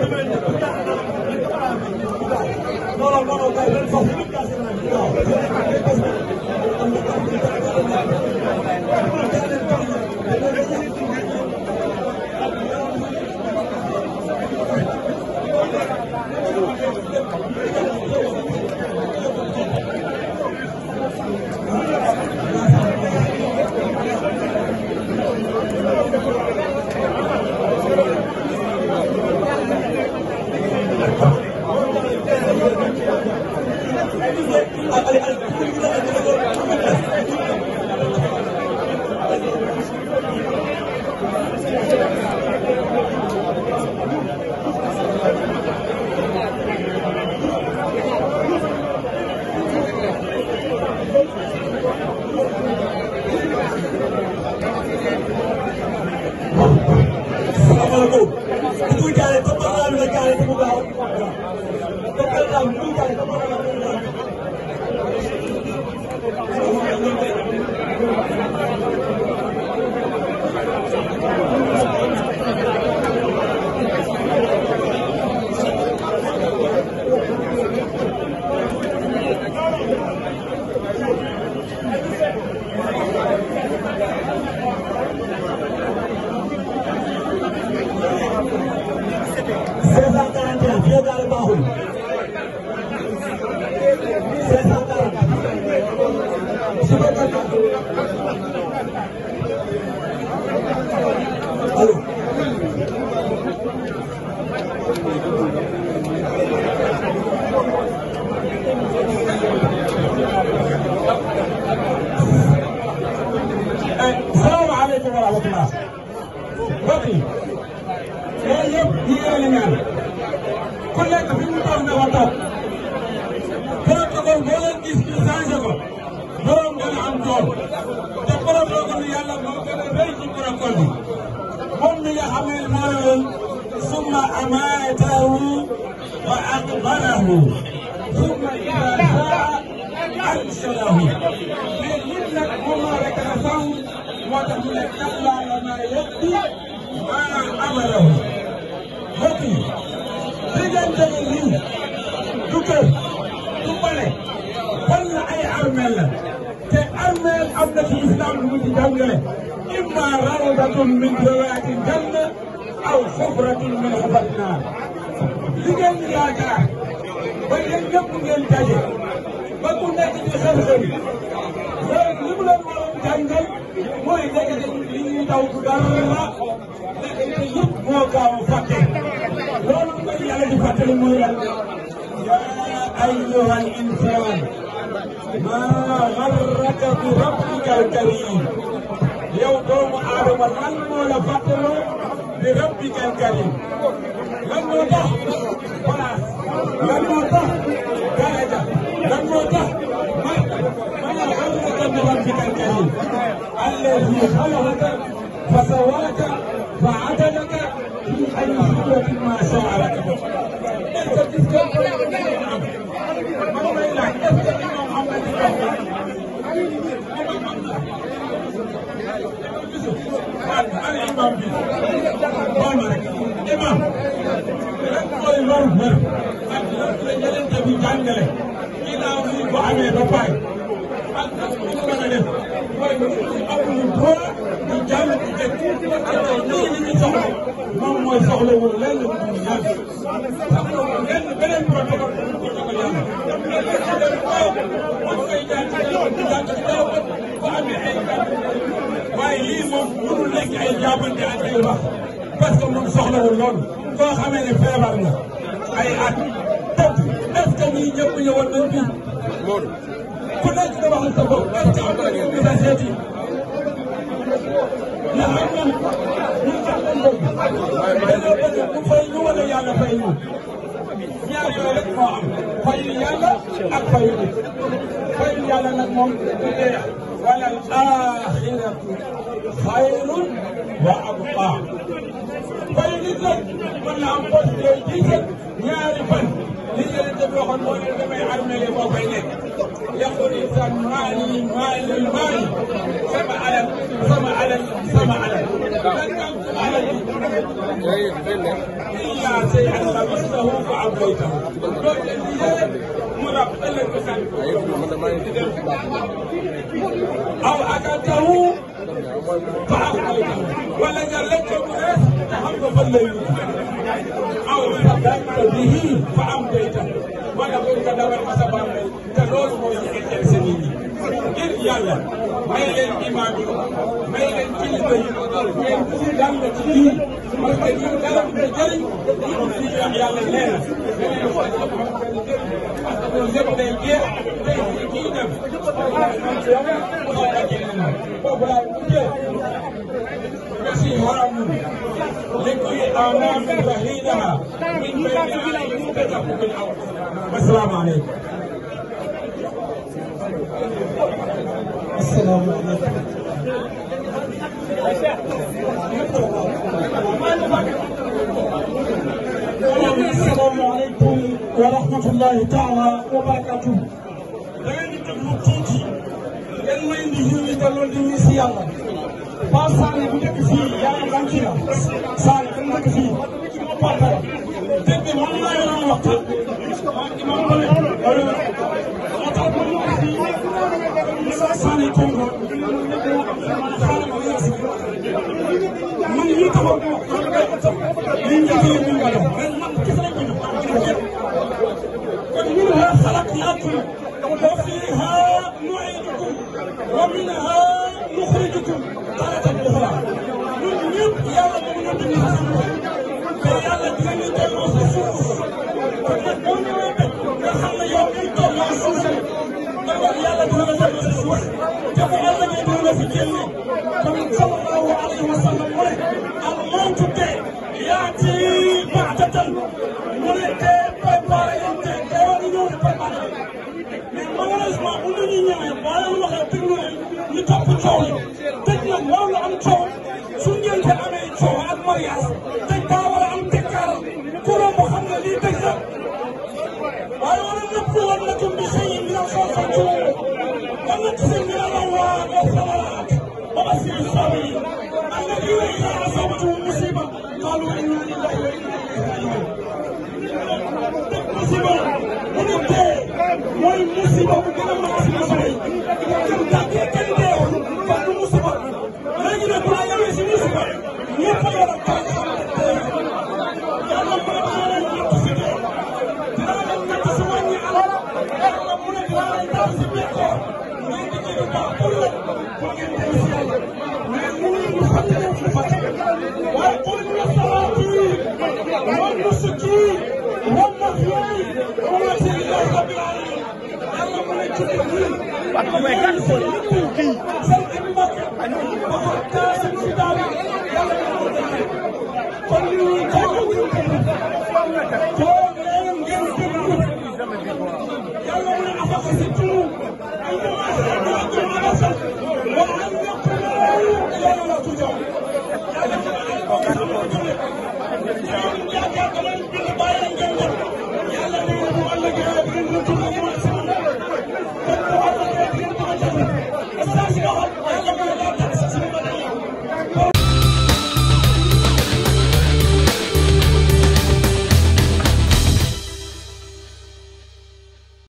Thank you. te borom boo xam ne yàlla moo gën a rëy ci protocole bi moom mi nga xam ne moo yoon summa amaatahu wa aqbarahu summa idaa saa ansalahu mais nit nag moom moo rek a faw moo tax mu ne kallaa lamaa yaddi maa amarahu mbokk yi na ci islam lu mu ci jàngale imma rawdatun min rawaati janna aw xufratun min xufat naar li ngeen yaakaar ba yéen ñëpp ngeen daje ba ku nekk ci xel-xel loolu li mu leen li ñuy daw bu dara nekk te yëpp moo gaaw a fàtte loolu nga yàlla di fàttali mooy lan yaa ayyuhal insaan ma marraka bi rabbikal karim yow doomu aadama lan moo la fàttaloo bi rabbikal karim lan moo tax place lan moo tax daraja lan moo tax man ma marraka bi rabbikal karim alladi xalaqaka fa sawwaaka fa adalaka fi ay suuratin ma saa man ana imam bi baal ma rek imam lan mooy loolu wër ak lan la yeneen bi jàngale ginnaaw li ko amee ba pare ak lan ko mën a def mooy amuñu droit di jàng di teg parce que lii li ñu soxla moom mooy soxla wu lenn bu ñu yàgg soxla wu lenn beneen protocole bu ñu ko jox yàgg. waaye lii moom mënul nekk ay jàppante ak ay wax parce que moom soxlawul loolu koo xamee ne feebar na ay at topp est-ce que muy ñëpp ñëwoon nañ fi loolu ku nekk nga waxal sa bopp est-ce que am na ñu ngi sa seeti ndax am na ñu sax lañ bëgg dañoo bëgg ku fay ñu wala yàlla fay ñu ñaar yooyu rek moo am fayu yàlla ak fayu nit fayu yàlla nag moom du dee وللآخرة خير وأبقى fay nit nag mën na am poche yooyu gis nga ñaari fan li ngeen di waxoon moo ne damay armée yi moo koy nekk yaqul insan maali maali maali sama alal sama alal sama alal. lan nga am sama alal ji. illa say alal fa abdaytahu loolu la rab ëllëg ko sànni ko aw akatahu fa afalta wala nga lekk bu rees te xam nga fan lay aw sadaqta bihi fa amdayta wala nga dabal ma sa bàmmeel te loolu mooy ngir yàlla may leen imaam yi may leen kilifa yi ngeen jàng ci diin parce que ñun dara du jëriñ ñun suñu yoon yàlla nee na dañuy xool ñëpp parce que loolu lépp day jeex tey jii kii dem foofu laa mujjee merci haramun لكل أعلام شهيدها من بين أعين تتقبل الأرض والسلام عليكم assalaamu aleykum wa rahmatullahi taala wa barakaatu da ngeen di déglu tuuti ngeen may ndi xiw yi te loolu di ñu si yàlla Pa Sané bu dëkk fii yaay lan ci la Sané bu dëkk fii moo parta dégg moom laa yoroon waxtaan Sané Congo man mii taxaw lii njëkk yi ñu nga def mais man kese lañ ko def kon ñun ha xalaqnaakum wa fiiha nu'iidukum wa minha nuxrijukum taratan uxraa ñun ñëpp yàlla dama ñu bind te yàlla dinañu te bu yàlla ngay dina la fi génne comme sallallahu alayhi wa sallam mu ne al mawtu de yaati baxtatan mu ne te préparé te te war a ñëw di préparé mais malheureusement bu nit ñi ñëwee boo leen waxee déglu leen ñu topp coow yi tëj nag war la am coow su ngeen amee coow ak mariage tëj daa war a am tekkaaral ku romb xam ne lii tëj la waaye war a nëpp woon na ko bi xëy yi Pak Amay kan kii Thank you.